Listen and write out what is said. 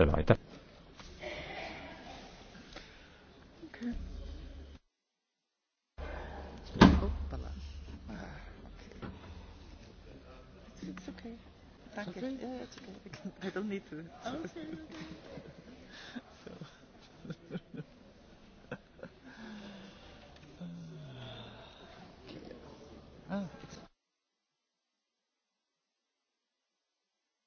sõna, aitäh. Dank je. Ja, ja, it's okay. I, can, I don't need to. Okay, okay. so. ah.